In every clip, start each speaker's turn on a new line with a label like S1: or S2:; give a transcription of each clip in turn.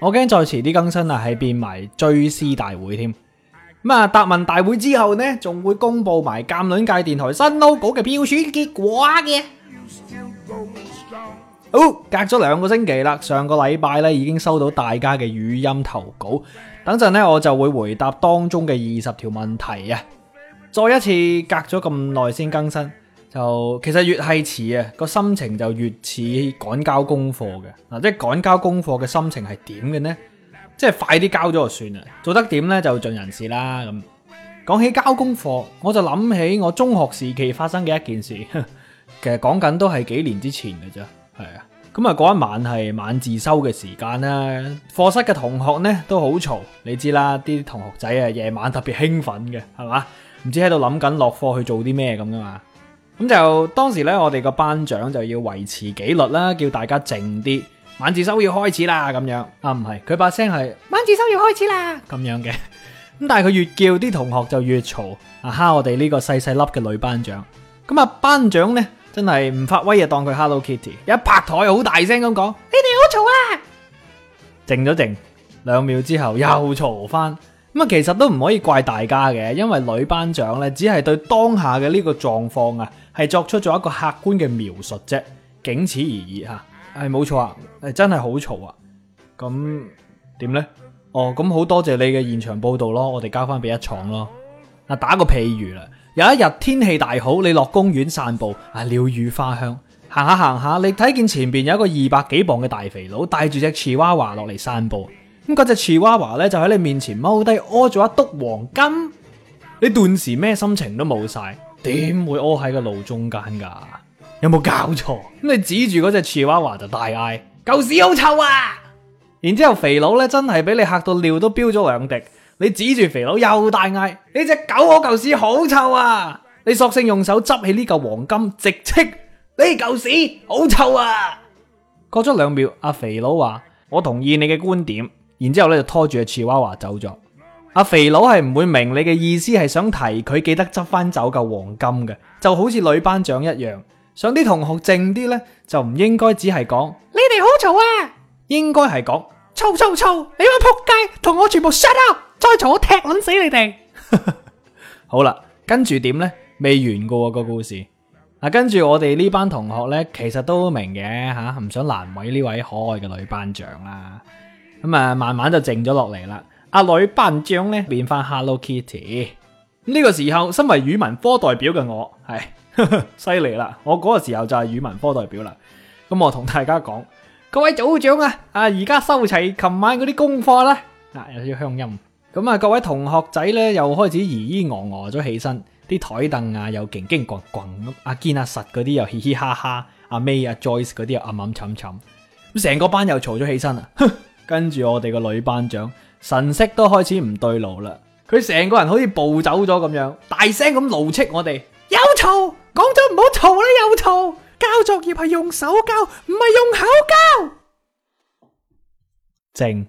S1: 我驚再遲啲更新啊，係變埋追思大會添。咁啊，答問大會之後呢，仲會公布埋鑑論界電台新 logo 嘅票選結果嘅。好，隔咗兩個星期啦，上個禮拜呢已經收到大家嘅語音投稿，等陣呢，我就會回答當中嘅二十條問題啊。再一次隔咗咁耐先更新。就其實越係似啊，個心情就越似趕交功課嘅嗱，即係趕交功課嘅心情係點嘅呢？即係快啲交咗就算啦，做得點呢就盡人事啦。咁、嗯、講起交功課，我就諗起我中學時期發生嘅一件事，其實講緊都係幾年之前嘅啫，係啊。咁啊嗰一晚係晚自修嘅時間啦，課室嘅同學呢都好嘈，你知啦，啲同學仔啊夜晚特別興奮嘅係嘛，唔知喺度諗緊落課去做啲咩咁噶嘛。咁就當時咧，我哋個班長就要維持紀律啦，叫大家靜啲。晚自修要開始啦，咁樣啊，唔係佢把聲係晚自修要開始啦，咁樣嘅。咁但係佢越叫啲同學就越嘈，啊，吓我哋呢個細細粒嘅女班長。咁啊，班長咧真係唔發威啊，當佢 Hello Kitty，一拍台好大聲咁講，你哋好嘈啊！靜咗靜兩秒之後又嘈翻。咁啊，其實都唔可以怪大家嘅，因為女班長咧，只係對當下嘅呢個狀況啊，係作出咗一個客觀嘅描述啫，僅此而已吓。係冇錯啊，係真係好嘈啊。咁點呢？哦，咁好多謝你嘅現場報道咯，我哋交翻俾一廠咯。嗱，打個譬如啦，有一日天氣大好，你落公園散步，啊鳥語花香，行下行下，你睇見前邊有一個二百幾磅嘅大肥佬，帶住隻芝娃娃落嚟散步。咁嗰隻芝娃娃咧就喺你面前踎低屙咗一督黃金，你頓時咩心情都冇晒，點會屙喺個路中間噶？有冇搞錯？咁你指住嗰隻芝娃娃就大嗌：舊屎好臭啊！然之後肥佬咧真係俾你嚇到尿都飆咗兩滴，你指住肥佬又大嗌：呢隻狗屙舊屎好臭啊！你索性用手執起呢嚿黃金，直斥：呢舊屎好臭啊！過咗兩秒，阿肥佬話：我同意你嘅觀點。然之後咧就拖住阿芝娃娃走咗。阿肥佬係唔會明你嘅意思，係想提佢記得執翻走嚿黃金嘅，就好似女班長一樣。想啲同學靜啲呢，就唔應該只係講你哋好嘈啊，應該係講嘈嘈嘈，你個扑街，同我全部 shut up，再嘈我踢撚死你哋。 好啦，跟住點呢？未完噶個、啊、故事。嗱、啊，跟住我哋呢班同學呢，其實都明嘅吓，唔、啊、想難為呢位可愛嘅女班長啦。咁啊，慢慢就靜咗落嚟啦。阿女班長咧變翻 Hello Kitty。咁、這、呢個時候，身為語文科代表嘅我係犀利啦。我嗰個時候就係語文科代表啦。咁我同大家講，各位組長啊，啊而家收齊琴晚嗰啲功課啦。啊有啲鄉音。咁啊，各位同學仔咧又開始咦咦昂昂咗起身，啲台凳啊又勁勁棍棍，阿堅阿實嗰啲又嘻嘻哈哈，阿、啊、May 啊 Joyce 嗰啲又暗暗沉沉。咁成個班又嘈咗起身啦。呵呵跟住我哋個女班長神色都開始唔對路啦，佢成個人好似暴走咗咁樣，大聲咁怒斥我哋：有嘈，講咗唔好嘈啦，有嘈！交作業係用手交，唔係用口交。靜，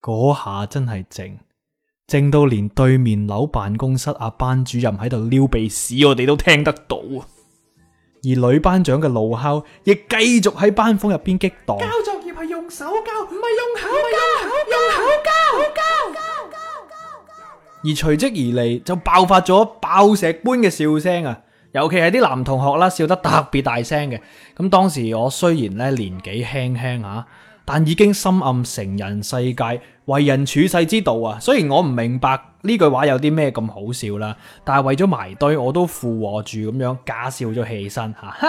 S1: 嗰下真係靜，靜到連對面樓辦公室阿、啊、班主任喺度撩鼻屎，我哋都聽得到啊！而女班長嘅怒吼亦繼續喺班房入邊激盪。用手教，唔係用口教，用口教，口教。而隨即而嚟就爆發咗爆石般嘅笑聲啊！尤其係啲男同學啦，笑得特別大聲嘅。咁當時我雖然咧年紀輕輕吓，但已經深諳成人世界為人處世之道啊。雖然我唔明白。呢句話有啲咩咁好笑啦？但係為咗埋堆，我都附和住咁樣假笑咗起身吓，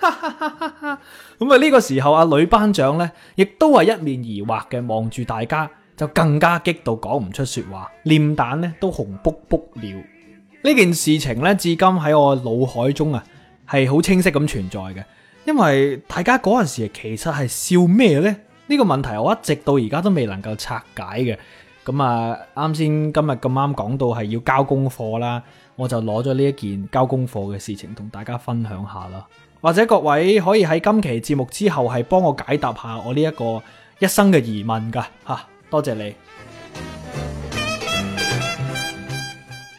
S1: 咁啊呢個時候，阿女班長呢亦都係一面疑惑嘅望住大家，就更加激到講唔出說話，臉蛋呢都紅卜卜了。呢件事情呢，至今喺我腦海中啊，係好清晰咁存在嘅。因為大家嗰陣時其實係笑咩呢？呢個問題我一直到而家都未能夠拆解嘅。咁啊，啱先今日咁啱講到係要交功課啦，我就攞咗呢一件交功課嘅事情同大家分享下啦。或者各位可以喺今期節目之後係幫我解答下我呢一個一生嘅疑問噶吓，多謝你。嗯、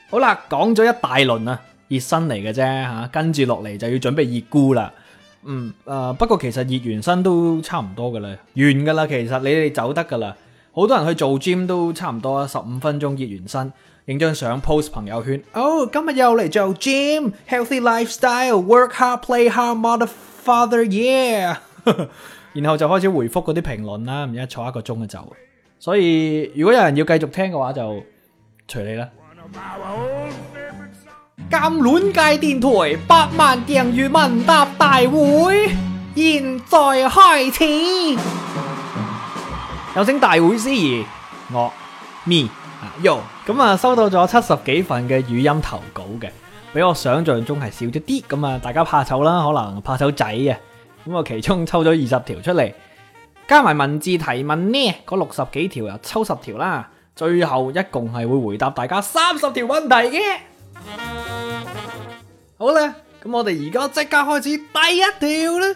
S1: 好啦，講咗一大輪啊，熱身嚟嘅啫吓，跟住落嚟就要準備熱沽啦。嗯，誒、呃，不過其實熱完身都差唔多噶啦，完噶啦，其實你哋走得噶啦。好多人去做 gym 都差唔多啦，十五分鐘熱完身，影張相 post 朋友圈，哦、oh, 今日又嚟做 gym，healthy lifestyle，work hard play hard，mother father yeah， 然後就開始回覆嗰啲評論啦，唔一坐一個鐘就走，所以如果有人要繼續聽嘅話就隨你啦。咁暖界電台八萬訂閱問答大會現在開始。有請大會司儀，我，me，yo，咁啊，Yo, 收到咗七十幾份嘅語音投稿嘅，比我想象中係少咗啲，咁啊，大家怕醜啦，可能怕醜仔啊，咁啊，其中抽咗二十條出嚟，加埋文字提問呢，嗰六十幾條又抽十條啦，最後一共係會回答大家三十條問題嘅，好啦，咁我哋而家即刻開始第一條啦。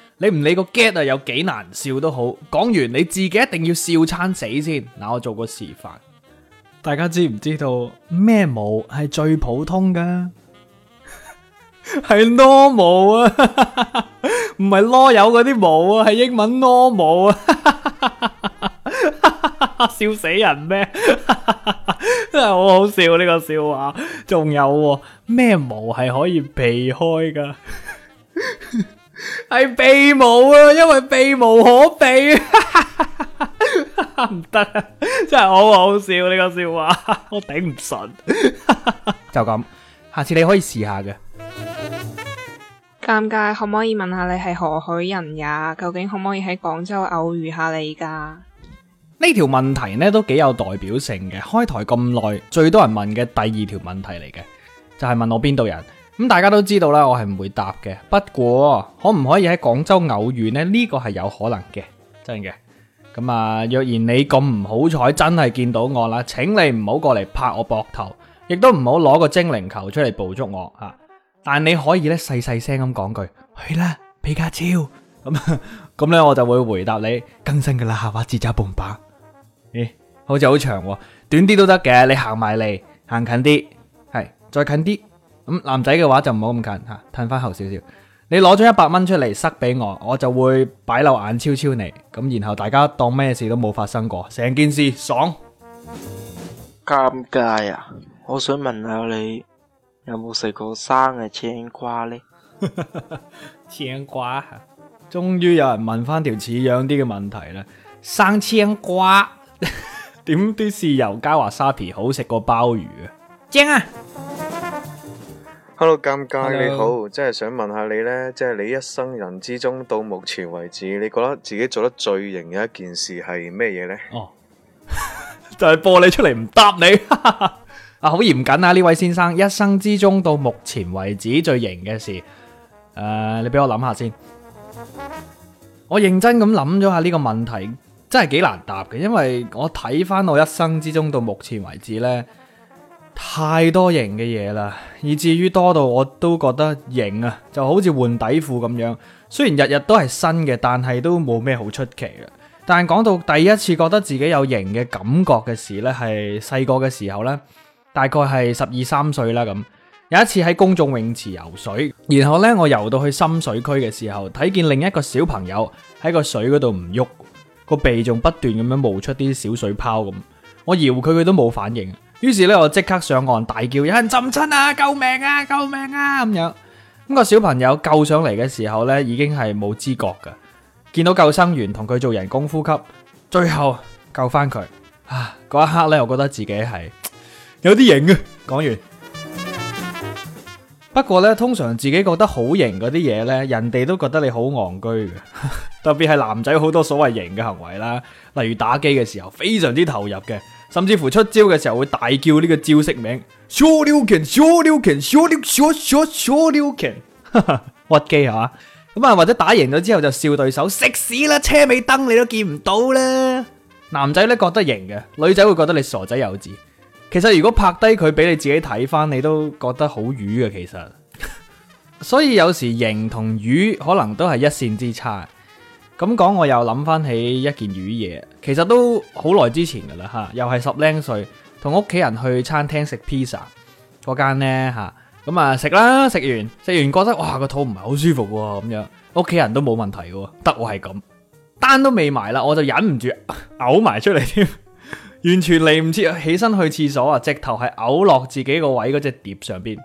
S1: 你唔理個 get 啊有幾難笑都好，講完你自己一定要笑餐死先。嗱，我做個示範，大家知唔知道咩毛係最普通嘅？係 normal 啊，唔係囉柚嗰啲毛啊，係英文 normal 啊，笑，啊, 笑死人咩？ 真係好好笑呢，這個笑話。仲有咩毛係可以避開噶？ 係避冇啊，因為避無可避，唔 得、啊，真係好好笑呢、呢個笑話，我頂唔順， 就咁，下次你可以試下嘅。
S2: 尷尬，可唔可以問下你係何許人也？究竟可唔可以喺廣州偶遇下你噶？
S1: 呢條問題呢都幾有代表性嘅，開台咁耐最多人問嘅第二條問題嚟嘅，就係、係、問我邊度人。咁大家都知道啦，我係唔會答嘅。不過可唔可以喺廣州偶遇呢？呢個係有可能嘅，真嘅。咁啊，若然你咁唔好彩，真係見到我啦，請你唔好過嚟拍我膊頭，亦都唔好攞個精靈球出嚟捕捉我啊！但你可以咧細細聲咁講句，「去啦，皮卡超！」咁咁咧，我就會回答你，更新噶啦，下巴截咗半版。咦、欸，好似好長喎，短啲都得嘅。你行埋嚟，行近啲，係再近啲。咁男仔嘅話就唔好咁近吓，褪翻後少少。你攞咗一百蚊出嚟塞俾我，我就會擺漏眼超超你。咁然後大家當咩事都冇發生過，成件事爽。
S2: 尷尬啊！我想問
S1: 下你，有冇食過生嘅青瓜呢？ 青瓜，終於有人問翻條似樣啲嘅問題啦！生青瓜 點啲豉油加華沙皮好食過鮑魚啊？正啊！Hello，尷尬你好，即係想問下你呢，即係你一生人之中到目前為止，你覺得自己做得最型嘅一件事係咩嘢呢？哦、oh. 就係播你出嚟唔答你 嚴謹啊，好嚴謹啊！呢位先生一生之中到目前為止最型嘅事，誒、uh,，你俾我諗下先，我認真咁諗咗下呢個問題，真係幾難答嘅，因為我睇翻我一生之中到目前為止呢。太多型嘅嘢啦，以至於多到我都覺得型啊，就好似換底褲咁樣。雖然日日都係新嘅，但係都冇咩好出奇嘅。但係講到第一次覺得自己有型嘅感覺嘅事呢，係細個嘅時候呢，大概係十二三歲啦咁。有一次喺公眾泳池游水，然後呢，我游到去深水區嘅時候，睇見另一個小朋友喺個水嗰度唔喐，個鼻仲不斷咁樣冒出啲小水泡咁，我搖佢佢都冇反應。於是咧，我即刻上岸，大叫：有人浸親啊！救命啊！救命啊！咁樣，咁個小朋友救上嚟嘅時候咧，已經係冇知覺嘅。見到救生員同佢做人工呼吸，最後救翻佢。啊，嗰一刻咧，我覺得自己係有啲型嘅。講完， 不過咧，通常自己覺得好型嗰啲嘢咧，人哋都覺得你好戇居嘅。 特別係男仔好多所謂型嘅行為啦，例如打機嘅時候非常之投入嘅。甚至乎出招嘅時候會大叫呢個招式名，Shoryuken，Shoryuken，Shoryu，Shoryu Shoryu Shoryuken，哈哈，屈機吓，咁啊或者打贏咗之後就笑對手，食屎啦，車尾燈你都見唔到啦，男仔咧覺得型嘅，女仔會覺得你傻仔幼稚。其實如果拍低佢俾你自己睇翻，你都覺得好瘀嘅其實， 所以有時型同瘀可能都係一線之差。咁講，我又諗翻起一件魚嘢，其實都好耐之前噶啦吓，又係十零歲同屋企人去餐廳食 pizza 嗰間呢。咁啊食啦，食完食完覺得哇個肚唔係好舒服喎，咁樣屋企人都冇問題喎，得我係咁單都未埋啦，我就忍唔住嘔埋出嚟添，完全嚟唔切起身去廁所啊，直頭係嘔落自己個位嗰隻碟上邊。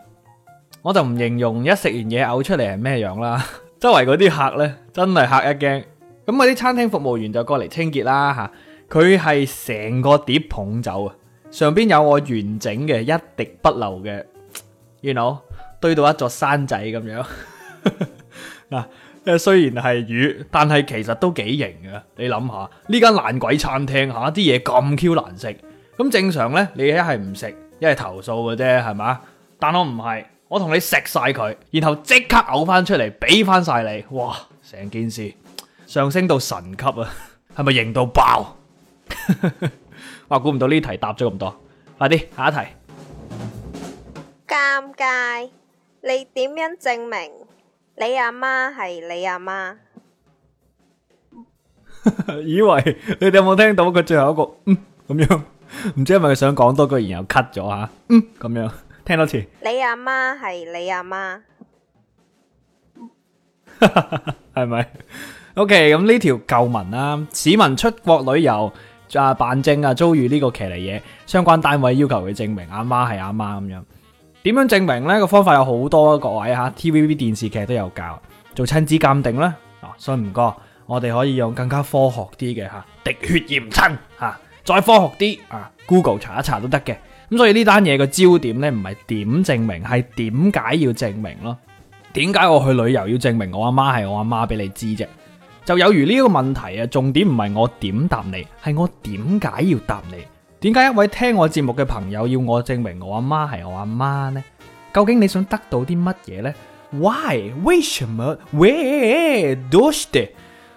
S1: 我就唔形容一食完嘢嘔出嚟係咩樣啦，周圍嗰啲客呢，真係嚇一驚。咁我啲餐廳服務員就過嚟清潔啦，吓佢係成個碟捧走啊，上邊有我完整嘅一滴不留嘅，you know，堆到一座山仔咁樣。嗱， 雖然係魚，但係其實都幾型嘅。你諗下，呢間爛鬼餐廳吓啲嘢咁 Q 難食，咁正常咧，你一係唔食，一係投訴嘅啫，係嘛？但我唔係，我同你食晒佢，然後即刻嘔翻出嚟，俾翻晒你。哇，成件事！上升到神級啊！係咪型到爆？ 哇！估唔到呢題答咗咁多，快啲下一題。
S2: 尷尬，你點樣證明你阿媽係你阿媽？
S1: 以為你哋有冇聽到佢最後一個嗯咁樣？唔知係咪佢想講多句然後 cut 咗吓？嗯咁樣，聽多次。
S2: 你阿媽係你阿媽，
S1: 係 咪？O K，咁呢條舊聞啦，市民出國旅遊啊辦證啊遭遇呢個騎呢嘢，相關單位要求佢證明阿媽係阿媽咁樣。點樣證明呢？個方法有好多，各位吓，啊，T V B 電視劇都有教做親子鑑定啦。啊，信唔過我哋可以用更加科學啲嘅吓滴血驗親吓，再科學啲啊，Google 查一查都得嘅。咁所以呢單嘢個焦點呢，唔係點證明，係點解要證明咯？點解我去旅遊要證明我阿媽係我阿媽俾你知啫？就有如呢個問題啊，重點唔係我點答你，係我點解要答你？點解一位聽我節目嘅朋友要我證明我阿媽係我阿媽呢？究竟你想得到啲乜嘢呢？Why？為什麼？Where？多謝。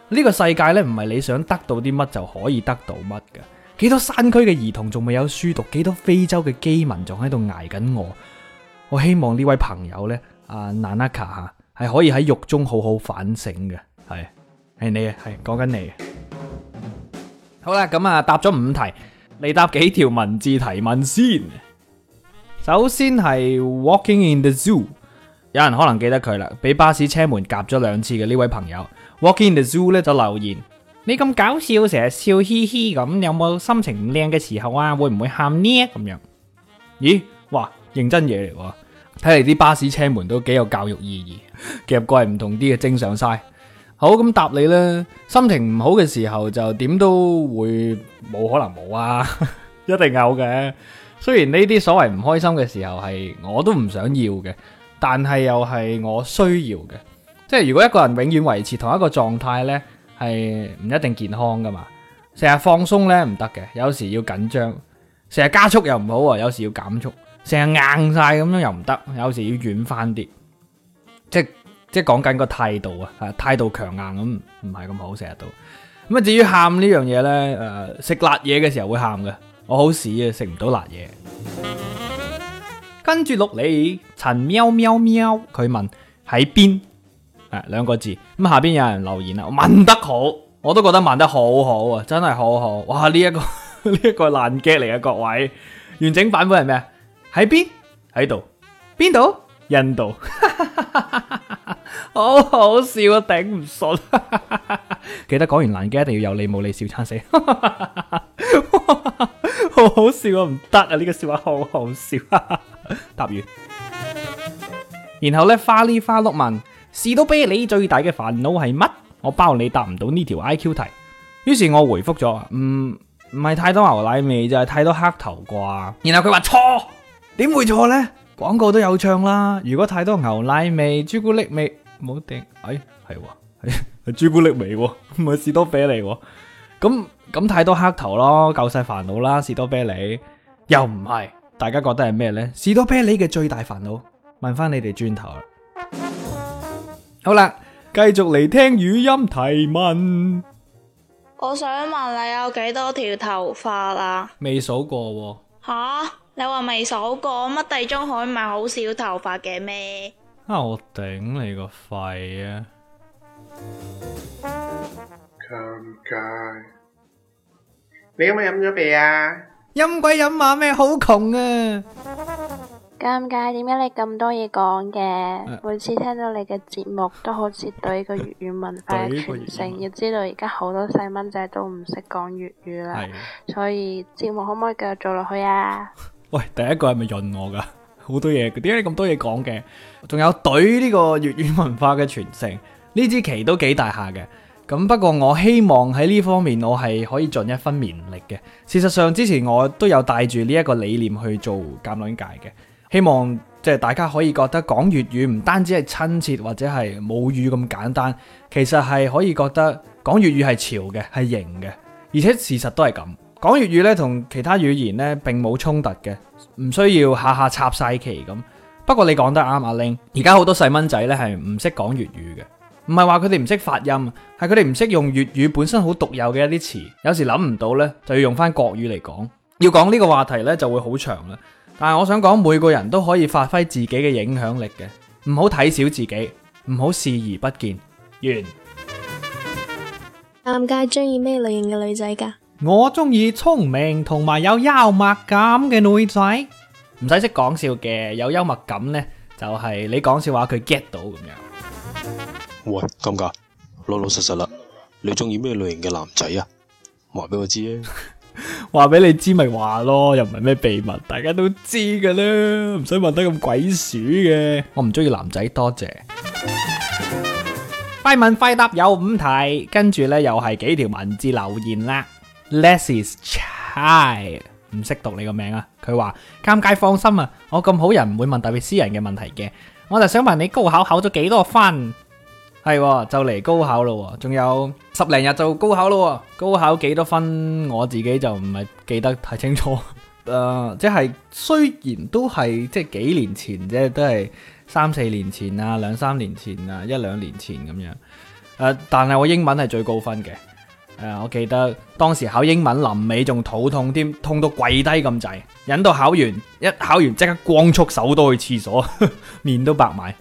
S1: 呢個世界咧，唔係你想得到啲乜就可以得到乜嘅。幾多山區嘅兒童仲未有書讀，幾多非洲嘅饑民仲喺度捱緊餓。我希望呢位朋友呢，阿娜娜卡係係可以喺獄中好好反省嘅，係。係你，係你，係你，係你好啊，係講緊你好啦，咁啊答咗五題，你答幾條文字提問先。首先係 Walking in the Zoo，有人可能記得佢啦，俾巴士車門夾咗兩次嘅呢位朋友。Walking in the Zoo 咧就留言：你咁搞笑，成日笑嘻嘻咁，有冇心情唔靚嘅時候啊？會唔會喊呢？咁樣？咦，哇，認真嘢嚟喎！睇嚟啲巴士車門都幾有教育意義，夾過係唔同啲嘅正常曬。好，咁答你啦，心情唔好嘅時候就點都會，冇可能冇啊，一定有嘅。雖然呢啲所謂唔開心嘅時候係我都唔想要嘅，但係又係我需要嘅。即係如果一個人永遠維持同一個狀態呢，係唔一定健康噶嘛。成日放鬆呢唔得嘅，有時要緊張；成日加速又唔好啊，有時要減速。成日硬晒咁樣又唔得，有時要軟翻啲，即係。即係講緊個態度啊！嚇態度強硬咁，唔係咁好成日都。咁啊，至於喊呢樣嘢咧，誒、呃、食辣嘢嘅時候會喊嘅。我好屎啊，食唔到辣嘢。跟住落嚟，陳喵喵喵，佢問喺邊？誒、啊、兩個字。咁下邊有人留言啊，問得好，我都覺得問得好好啊，真係好好。哇！呢、這、一個呢一 個爛 gag 嚟啊，各位。完整版本係咩啊？喺邊？喺度？邊度？印度。 好好笑啊，頂唔順。 記得講完爛 gag 一定要有你冇你笑餐死。 好好笑啊，唔得啊，呢個笑話好好笑。 答完， 然後呢，花呢花碌問：，士多啤梨最大嘅煩惱係乜？我包你答唔到呢條 I Q 題。於是我回覆咗：，唔唔係太多牛奶味就係太多黑頭啩。然後佢話錯，點會錯呢？廣告都有唱啦，如果太多牛奶味、朱古力味。冇定，哎，係喎、啊，係朱古力味喎、啊，唔係士多啤梨喎、啊，咁咁太多黑頭咯，夠晒煩惱啦，士多啤梨又唔係，大家覺得係咩呢？士多啤梨嘅最大煩惱，問翻你哋轉頭啦。好啦，繼續嚟聽語音提問。
S2: 我想問你有幾多條頭髮啊？
S1: 未數過、啊、過。
S2: 吓，你話未數過乜地中海咪好少頭髮嘅咩？
S1: 啊！我頂你個肺啊！尷尬，你今日飲咗未啊？飲鬼飲馬咩？好窮啊！尷尬，點解你咁多嘢講嘅？每次聽到你嘅節目，都好似對呢個粵語文化嘅傳承。要知道而家好多細蚊仔都唔識講粵語啦，所以節目可唔可以繼續做落去啊？喂，第一個係咪潤我㗎？好多嘢，點解咁多嘢講嘅？仲有對呢個粵語文化嘅傳承，呢支旗都幾大下嘅。咁不過我希望喺呢方面，我係可以盡一分綿力嘅。事實上之前我都有帶住呢一個理念去做夾兩界嘅，希望即係大家可以覺得講粵語唔單止係親切或者係母語咁簡單，其實係可以覺得講粵語係潮嘅，係型嘅。而且事實都係咁，講粵語呢同其他語言呢並冇衝突嘅。唔需要下下插晒旗咁，不過你講得啱，阿 l 而家好多細蚊仔咧係唔識講粵語嘅，唔係話佢哋唔識發音，係佢哋唔識用粵語本身好獨有嘅一啲詞，有時諗唔到咧，就要用翻國語嚟講。要講呢個話題咧就會好長啦，但係我想講每個人都可以發揮自己嘅影響力嘅，唔好睇小自己，唔好視而不見。完。
S2: 阿嘉中意咩類型嘅女仔㗎？
S1: 我中意聰明同埋有幽默感嘅女仔，唔使識講笑嘅。有幽默感呢，就係、是、你講笑話佢 get 到咁樣。喂，咁噶，老老實實啦，你中意咩類型嘅男仔啊？話俾我知啊，話俾 你知咪話咯，又唔係咩秘密，大家都知噶啦，唔使問得咁鬼鼠嘅。我唔中意男仔，多謝。快問 快答有五題，跟住呢，又係幾條文字留言啦。l e s s i s Chai，唔識讀你個名啊！佢話：尷尬，放心啊！我咁好人唔會問特別私人嘅問題嘅。我就想問你高考考咗幾多分？係、哦，就嚟高考咯，仲有十零日就高考咯。高考幾多分？我自己就唔係記得太清楚。誒、呃，即係雖然都係即係幾年前，啫，都係三四年前啊，兩三年前啊，一兩年前咁樣。誒、呃，但係我英文係最高分嘅。誒、啊，我記得當時考英文臨尾仲肚痛添，痛到跪低咁滯，忍到考完，一考完即刻光速手都去廁所，面都白埋。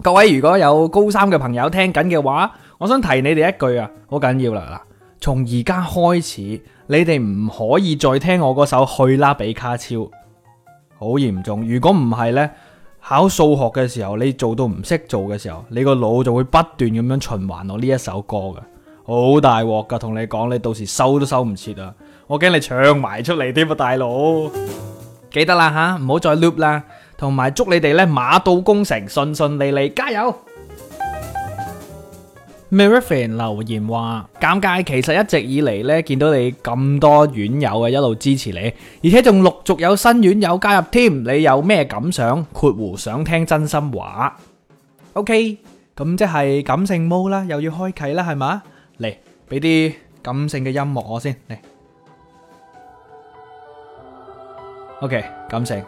S1: 各位如果有高三嘅朋友聽緊嘅話，我想提你哋一句啊，好緊要啦嗱，從而家開始，你哋唔可以再聽我嗰首《去拉比卡超》，好嚴重。如果唔係呢，考數學嘅時候你做到唔識做嘅時候，你個腦就會不斷咁樣循環我呢一首歌嘅。好大鑊噶，同你講，你到時收都收唔切啊！我驚你唱埋出嚟添啊，大佬記得啦吓，唔好再 loop 啦。同埋祝你哋咧，馬到功成，順順利利，加油！Marifan 留言話：尷尬，其實一直以嚟咧，見到你咁多院友啊，一路支持你，而且仲陸續有新院友加入添。你有咩感想？括弧想聽真心話。OK，咁即係感性 mode 啦，又要開啟啦，係嘛？俾啲感性嘅音樂我先嚟，OK，感性。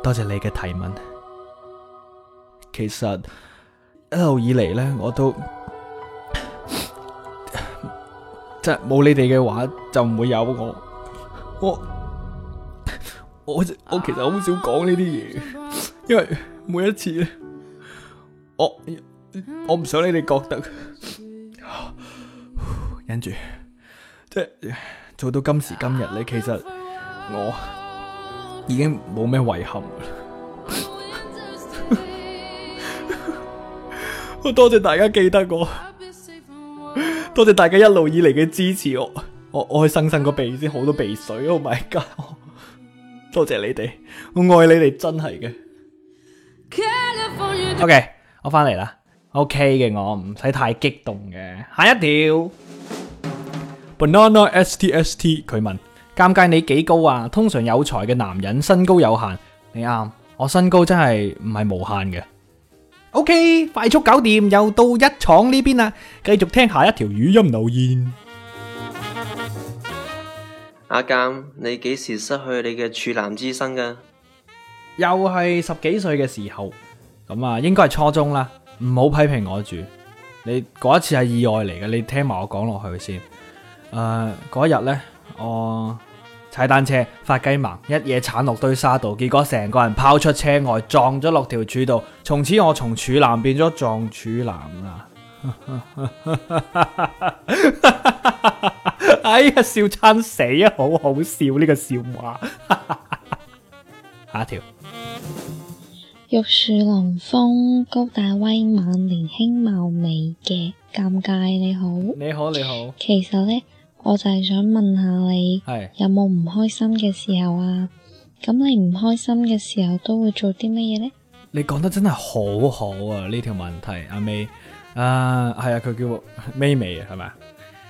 S1: 多謝你嘅提問。其實一路以嚟咧，我都即係冇你哋嘅話就唔會有我。我我我其實好少講呢啲嘢，因為每一次咧我我唔想你哋覺得。跟住，即係做到今時今日咧，其實我已經冇咩遺憾。 好多謝大家記得我，多謝大家一路以嚟嘅支持我。我我去擤擤個鼻先，好多鼻水。Oh my god！我多謝你哋，我愛你哋真係嘅。OK，我翻嚟啦。O K 嘅，我唔使太激動嘅。下一條，Banana STST，佢問：尷尬，你幾高啊？通常有才嘅男人身高有限，你啱，我身高真係唔係無限嘅。O K，快速搞掂，又到一廠呢邊啦，繼續聽下一條語音留言。阿鑒，你幾時失去你嘅處男之身噶？又係十幾歲嘅時候。咁啊，應該係初中啦，唔好批評我住。你嗰一次係意外嚟嘅，你聽埋我講落去先。誒、呃，嗰日呢，我踩單車發雞盲，一嘢鏟落堆沙度，結果成個人拋出車外，撞咗落條柱度。從此我從處男變咗撞柱男啦。 哎呀，笑餐死啊，好好笑呢、這個笑話。 下一條。
S2: 玉樹臨風、高大威猛、年輕貌美嘅尷尬，你好，你好，你好。其實咧，我就係想問下你，係有冇唔開心嘅時候啊？咁你唔開心嘅時候都會做啲乜嘢咧？
S1: 你講得真係好好啊！呢條問題，阿妹啊，係啊，佢叫咪咪啊，係咪？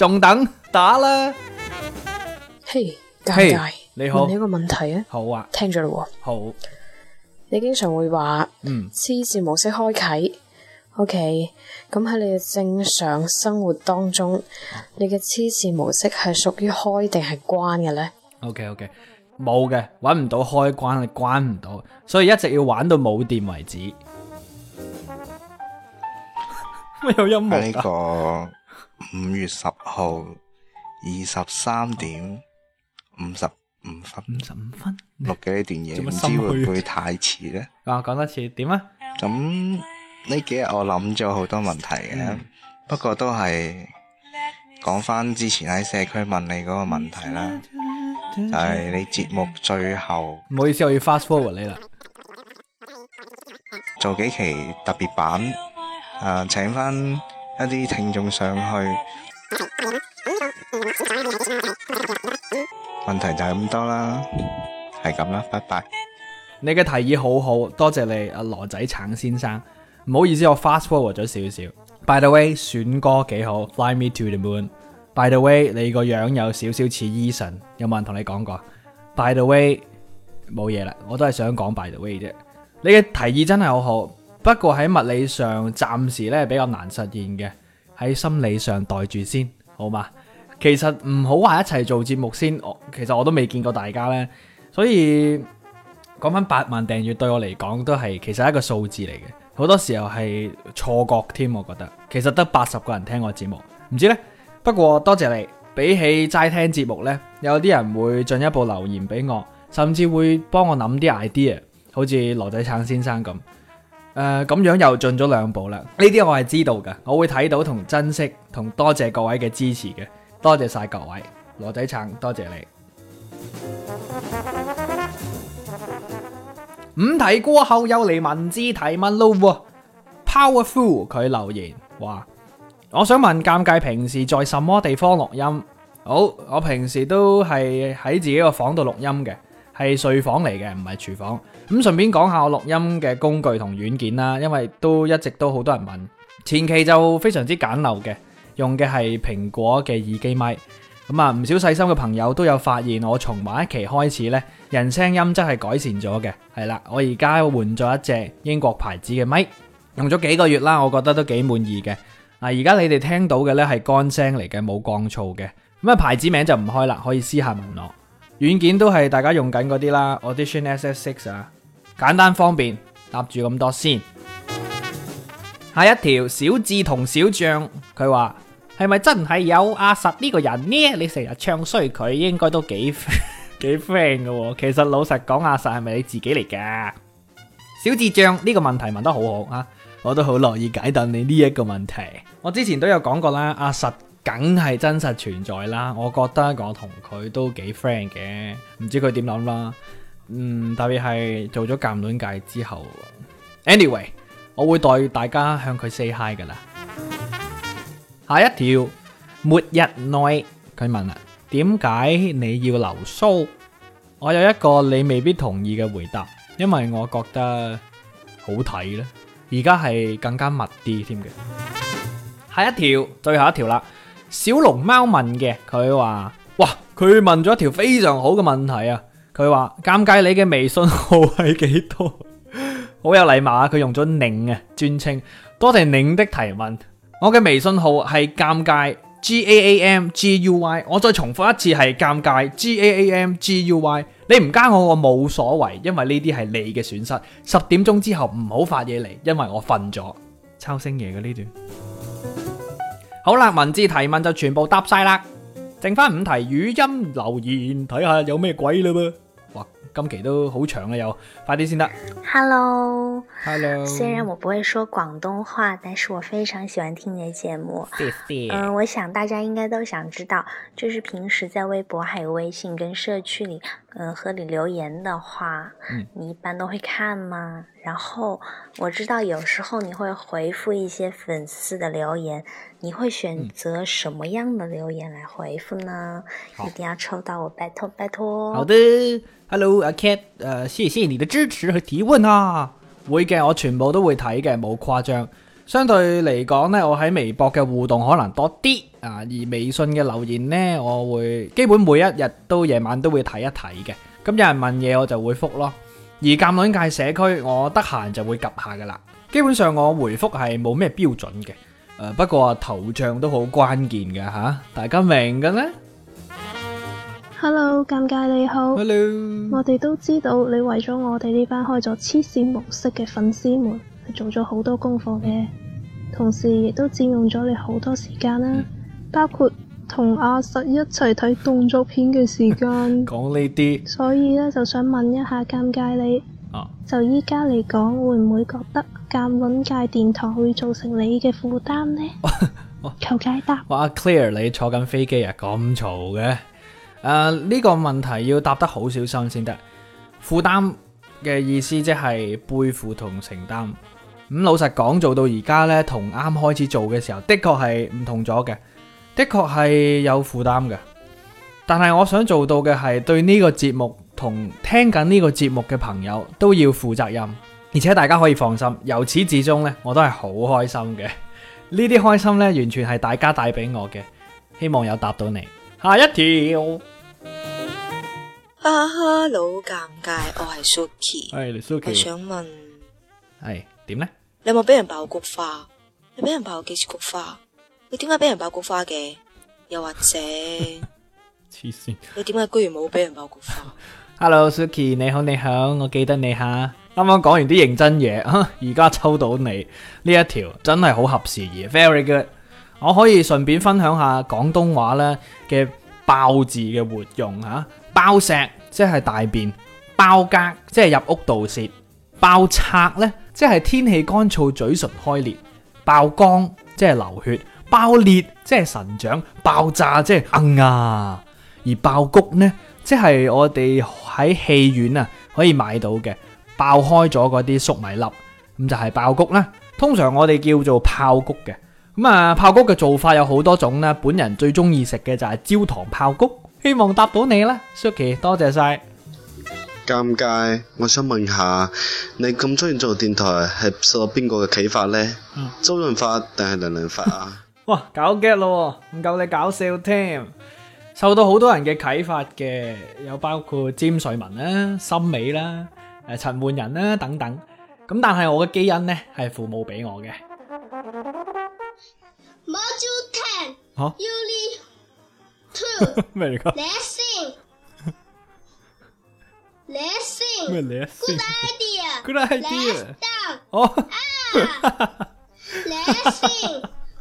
S1: 仲等打啦！嘿、hey,，hey, 你好，問你一個問題啊。好啊，聽咗啦。好，
S2: 你經常會話，黐線模式開啟。OK，咁喺你嘅
S1: 正常生活當中，你嘅黐線模式係屬於開定係關嘅咧？OK，OK，冇嘅，揾唔到開關，你關唔到，所以一直要玩到冇電為止。咩 有音樂啊？你講五月十號二十三點五十五分，五十五分，錄嘅呢段嘢，唔知會唔會太遲咧？啊，講多次點啊？咁呢幾日我諗咗好多問題嘅，不過都係講翻之前喺社區問你嗰個問題啦，就係你節目最後，唔好意思，我要 fast forward 你啦，做幾期特別版，誒，請翻。一啲聽眾上去，問題就係咁多啦，係咁啦，拜拜。你嘅提議好好，多謝你啊羅仔橙先生。唔好意思，我 fast forward 咗少少。By the way，選歌幾好，Fly Me To The Moon。By the way，有有。By the way，你個樣有少少似 Eason，有冇人同你講過？By the way，冇嘢啦，我都係想講 By the way 啫。你嘅提議真係好好。不過喺物理上暫時咧比較難實現嘅，喺心理上待住先，好嗎？其實唔好話一齊做節目先，我其實我都未見過大家咧，所以講返八萬訂閱對我嚟講都係其實係一個數字嚟嘅，好多時候係錯覺添，我覺得其實得八十個人聽我節目，唔知呢。不過多謝你，比起齋聽節目呢，有啲人會進一步留言俾我，甚至會幫我諗啲 idea，好似羅仔橙先生咁。誒、呃，咁樣又進咗兩步啦，呢啲我係知道嘅，我會睇到同珍惜同多謝各位嘅支持嘅，多謝晒各位，羅仔撐，多謝你。五題過後又嚟文字提問咯，Powerful 佢留言話，我想問尷尬，平時在什麼地方錄音？好，我平時都係喺自己個房度錄音嘅。係睡房嚟嘅，唔係廚房。咁順便講下我錄音嘅工具同軟件啦，因為都一直都好多人問。前期就非常之簡陋嘅，用嘅係蘋果嘅耳機咪。咁啊，唔少細心嘅朋友都有發現，我從晚一期開始呢，人聲音質係改善咗嘅。係啦，我而家換咗一隻英國牌子嘅咪，用咗幾個月啦，我覺得都幾滿意嘅。啊，而家你哋聽到嘅呢係乾聲嚟嘅，冇降噪嘅。咁啊，牌子名就唔開啦，可以私下問我。軟件都係大家用緊嗰啲啦，Audition SS6 啊，簡單方便，搭住咁多先。下一條，小智同小象，佢話係咪真係有阿實呢個人呢？你成日唱衰佢，應該都幾 幾 friend 噶，哦。其實老實講，阿實係咪你自己嚟噶？小智象呢，呢個問題問得好好啊，我都好樂意解答你呢一個問題。我之前都有講過啦，阿實梗係真實存在啦！我覺得我同佢都幾 friend 嘅，唔知佢點諗啦。嗯，特別係做咗暗戀界之後。Anyway，我會代大家向佢 say hi 噶啦。下一條，末日內佢問啦：點解你要留鬚？我有一個你未必同意嘅回答，因為我覺得好睇咧。而家係更加密啲添嘅。下一條，最後一條啦。小龍貓問嘅，佢話，哇，佢問咗一條非常好嘅問題啊！佢話：尷尬，你嘅微信號係幾多？好 有禮貌，佢用咗寧啊，尊稱，啊。多謝寧的提問，我嘅微信號係尷尬 G A A M G U Y，我再重複一次係尷尬 G A A M G U Y。你唔加我我冇所謂，因為呢啲係你嘅損失。十點鐘之後唔好發嘢嚟，因為我瞓咗。抄星爺嘅呢段。好啦，文字提問就全部答晒啦，剩翻五題語音留言，睇下有咩鬼嘞噃。哇，今期都好長啊又，快啲先得。
S2: Hello，Hello，Hello。雖然我不會說廣東話，但是我非常喜歡聽你嘅節目。嗯、呃，我想大家應該都想知道，就是平時在微博、還有微信跟社區裏，嗯、呃，和你留言的話，嗯，你一般都會看嗎？然後我知道有時候你會回覆一些粉絲的留言，你會選擇什麼樣的留言來回覆呢？嗯、一定要抽到我，拜託拜託。好的
S1: ，Hello 阿 Cat 誒，謝謝、uh, 你的支持和提問啊。會嘅，我全部都會睇嘅，冇誇張。相對嚟講呢，我喺微博嘅互動可能多啲啊，而微信嘅留言呢，我會基本每一日都夜晚都會睇一睇嘅。咁有人問嘢，我就會覆咯。而鑒卵界社區，我得閒就會及下噶啦。基本上我回覆係冇咩標準嘅，誒，不過頭像都好關鍵嘅吓，大家明嘅呢。
S2: Hello，尷尬你好。Hello. 我哋都知道你為咗我哋呢班開咗黐線模式嘅粉絲們，係做咗好多功課嘅，同時亦都佔用咗你好多時間啦，mm. 包括。同阿實一齊睇動作片嘅時間，
S1: 講呢啲，
S2: 所以咧就想問一下，尷尬你，啊、就依家嚟講，會唔會覺得揀揾界電台會造成你嘅負擔呢？
S1: 求解答。哇，Clear 你坐緊飛機啊，咁嘈嘅，誒呢、uh, 個問題要答得好小心先得。負擔嘅意思即係背負同承擔。咁、嗯、老實講，做到而家呢，同啱開始做嘅時候的確係唔同咗嘅。的確係有負擔嘅，但係我想做到嘅係對呢個節目同聽緊呢個節目嘅朋友都要負責任，而且大家可以放心，由始至終呢，我都係好開心嘅。呢啲開心呢，完全係大家帶俾我嘅，希望有答到你。下一條，哈嘍，
S2: 老尷尬，我係 Suki，
S1: 係、哎、你 Suki，我想問，係、哎、點呢？
S2: 你有冇俾人爆菊花？你俾人爆幾次菊花？你點解俾人爆菊花嘅？又或者，
S1: 黐線，
S2: 你點解居然冇俾人爆菊
S1: 花 神經病笑？Hello，Suki，你好你好，我記得你吓。啱啱講完啲認真嘢，而家抽到你呢一條真係好合時宜，very good。我可以順便分享下廣東話咧嘅爆字嘅活用吓，爆石即係大便，爆格即係入屋盜竊，爆拆咧即係天氣乾燥嘴唇開裂，爆缸即係流血。爆裂即係神掌，爆炸即係硬啊！而爆谷呢，即係我哋喺戲院啊可以買到嘅，爆開咗嗰啲粟米粒，咁就係爆谷啦。通常我哋叫做炮谷嘅。咁啊，炮谷嘅做法有好多種啦。本人最中意食嘅就係焦糖炮谷。希望答到你啦，Suki，多謝晒。尷尬，我想問下，你咁中意做電台，係受邊個嘅啟發呢？周潤發定係梁連發啊？哇，搞 get 咯，唔夠你搞笑添！受到好多人嘅啟發嘅，有包括詹瑞文啦、森美啦、誒陳奐仁啦等等。咁但係我嘅基因咧係父母俾我嘅。
S2: 啊？哈？咩嚟噶？咩嚟？Good idea！Good idea！哦。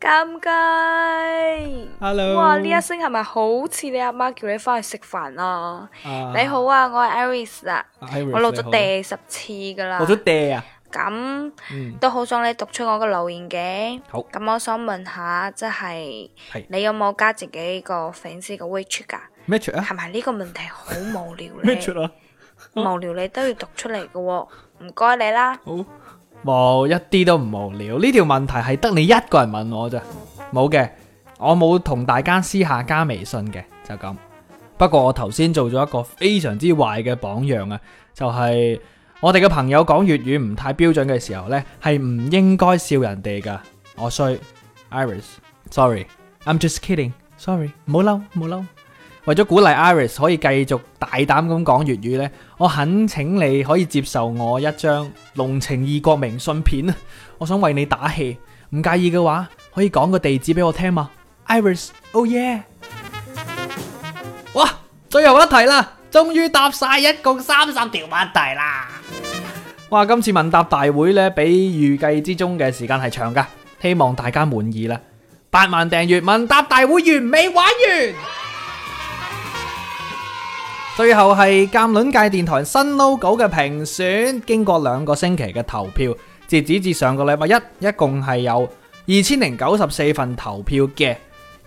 S2: 尷尬，Hello，哇呢一聲係咪好似你阿媽叫你翻去食飯啊？Uh, 你好啊，我係 Iris 啊，uh, Iris, 我錄咗第十次噶啦，錄咗第啊，咁、嗯、都好想你讀出我個留言嘅，好，咁、嗯、我想問下，即、就、係、是、你有冇加自己個粉絲個 WeChat 噶
S1: ？WeChat 啊，係咪
S2: 呢個問題好無聊咧？WeChat 啊，無聊你都要讀出嚟噶喎，唔該你啦。
S1: 好。冇一啲都唔無聊，呢條問題係得你一個人問我咋，冇嘅，我冇同大家私下加微信嘅，就咁。不過我頭先做咗一個非常之壞嘅榜樣啊，就係我哋嘅朋友講粵語唔太標準嘅時候呢，係唔應該笑人哋噶。我衰，Iris，sorry，I'm just kidding，sorry，冇嬲冇嬲。為咗鼓勵 Iris 可以繼續大膽咁講粵語呢，我懇請你可以接受我一張濃情異國明信片啊！我想為你打氣，唔介意嘅話，可以講個地址俾我聽嘛，Iris，oh yeah！哇，最後一題啦，終於答晒一共三十條問題啦！哇，今次問答大會呢，比預計之中嘅時間係長噶，希望大家滿意啦！八萬訂閱問答大會完美玩完。最後係監論界電台新 logo 嘅評選，經過兩個星期嘅投票，截止至上個禮拜一，一共係有二千零九十四份投票嘅，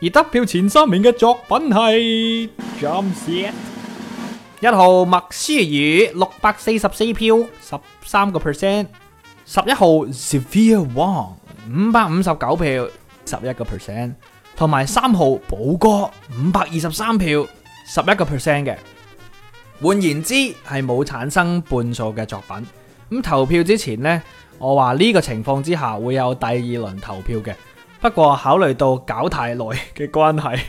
S1: 而得票前三名嘅作品係《Jump Yet》一號，Maxie 六百四十四票，十三個 percent；十一號 Severe Wong 五百五十九票，十一個 percent；同埋三號寶哥五百二十三票，十一個 percent 嘅。換言之，係冇產生半數嘅作品。咁投票之前呢，我話呢個情況之下會有第二輪投票嘅。不過考慮到搞太耐嘅關係，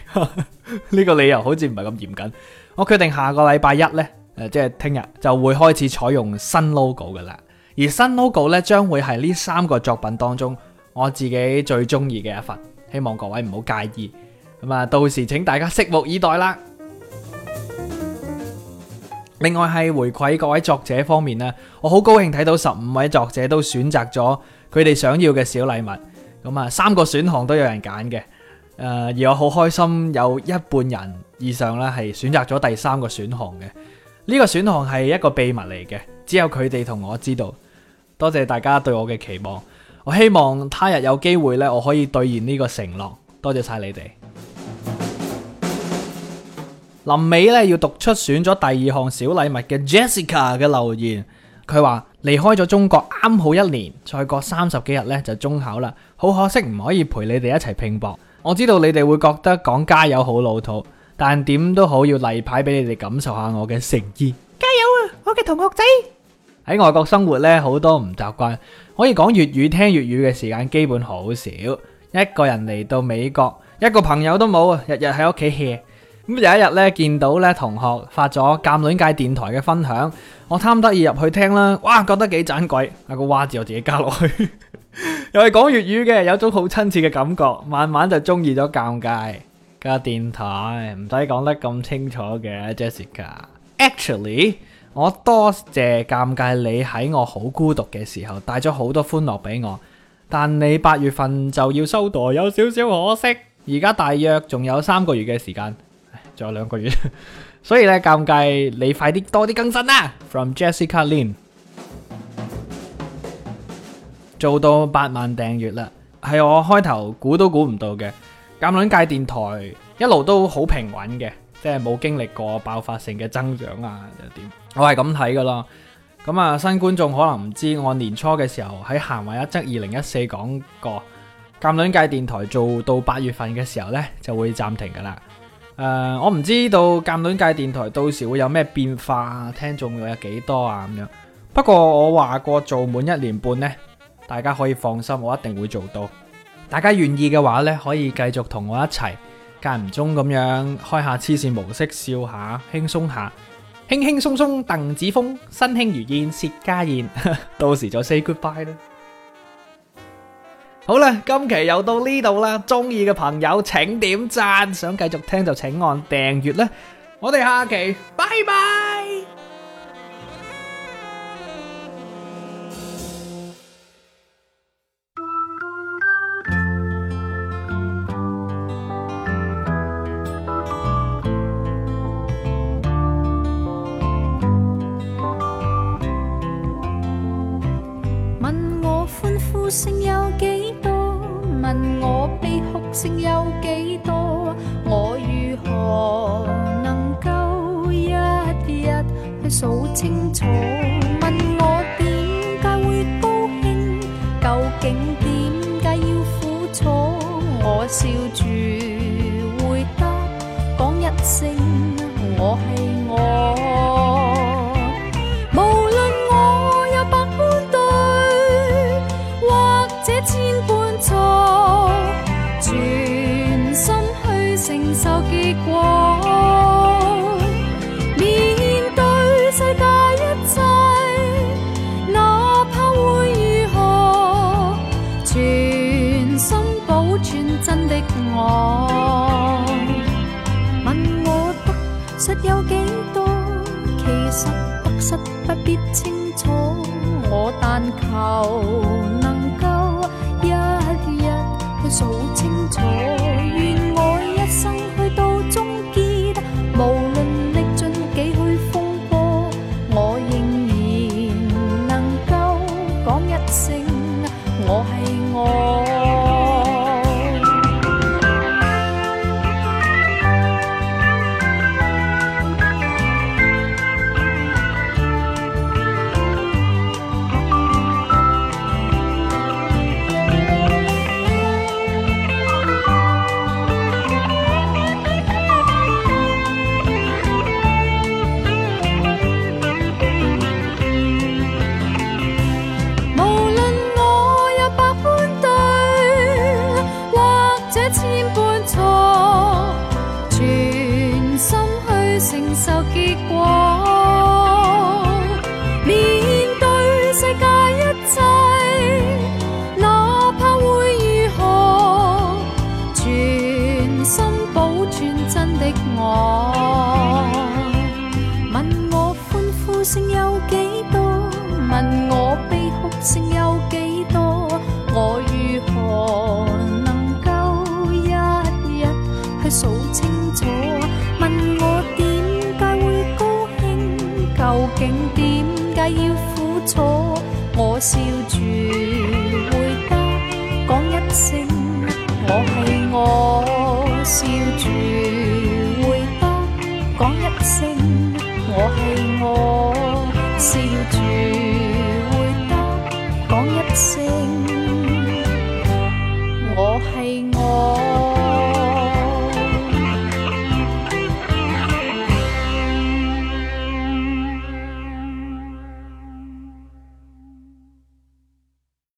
S1: 呢個理由好似唔係咁嚴謹。我決定下個禮拜一呢，誒，即係聽日就會開始採用新 logo 噶啦。而新 logo 呢，將會係呢三個作品當中我自己最中意嘅一份。希望各位唔好介意。咁啊，到時請大家拭目以待啦。另外係回饋各位作者方面咧，我好高興睇到十五位作者都選擇咗佢哋想要嘅小禮物，咁啊三個選項都有人揀嘅，誒而我好開心有一半人以上咧，係選擇咗第三個選項嘅，呢個選項係一個秘密嚟嘅，只有佢哋同我知道。多謝大家對我嘅期望，我希望他日有機會咧，我可以兌現呢個承諾。多謝晒你哋。臨尾咧要讀出選咗第二項小禮物嘅 Jessica 嘅留言，佢話離開咗中國啱好一年，再過三十幾日咧就中考啦，好可惜唔可以陪你哋一齊拼搏。我知道你哋會覺得講加油好老土，但點都好要例牌俾你哋感受下我嘅誠意。加油啊，我嘅同學仔！喺外國生活咧好多唔習慣，可以講粵語聽粵語嘅時間基本好少。一個人嚟到美國，一個朋友都冇啊，日日喺屋企歇。咁有一日咧，見到咧同學發咗《尷侶界》電台嘅分享，我貪得意入去聽啦。哇，覺得幾盞鬼，啊、那！個哇字我自己加落去，又係講粵語嘅，有種好親切嘅感覺。慢慢就中意咗尷尬嘅電台，唔使講得咁清楚嘅 Jessica。Actually，我多謝，謝尷尬，你喺我好孤獨嘅時候帶咗好多歡樂俾我。但你八月份就要收袋，有少少可惜。而家大約仲有三個月嘅時間。仲有兩個月，所以咧，尷尬你快啲多啲更新啦！From Jessica Lin，做到八萬訂閱啦，係我開頭估都估唔到嘅。鑑論界電台一路都好平穩嘅，即係冇經歷過爆發性嘅增長啊，又點？我係咁睇噶啦。咁啊，新觀眾可能唔知，我年初嘅時候喺《行為一則二零一四》講過，鑑論界電台做到八月份嘅時候咧，就會暫停噶啦。誒、呃，我唔知道間斷界電台到時會有咩變化，啊，聽眾會有幾多啊咁樣。不過我話過做滿一年半呢，大家可以放心，我一定會做到。大家願意嘅話呢，可以繼續同我一齊，間唔中咁樣開下黐線模式，笑下，輕鬆下，輕輕鬆鬆。鄧梓峰身輕如燕，薛家燕， 到時就 say goodbye 啦。好啦，今期又到呢度啦，中意嘅朋友請點讚，想繼續聽就請按訂閱啦，我哋下期拜拜。
S2: 別清楚，我但求能夠一日去數清楚。笑住回答，講一聲，我係我。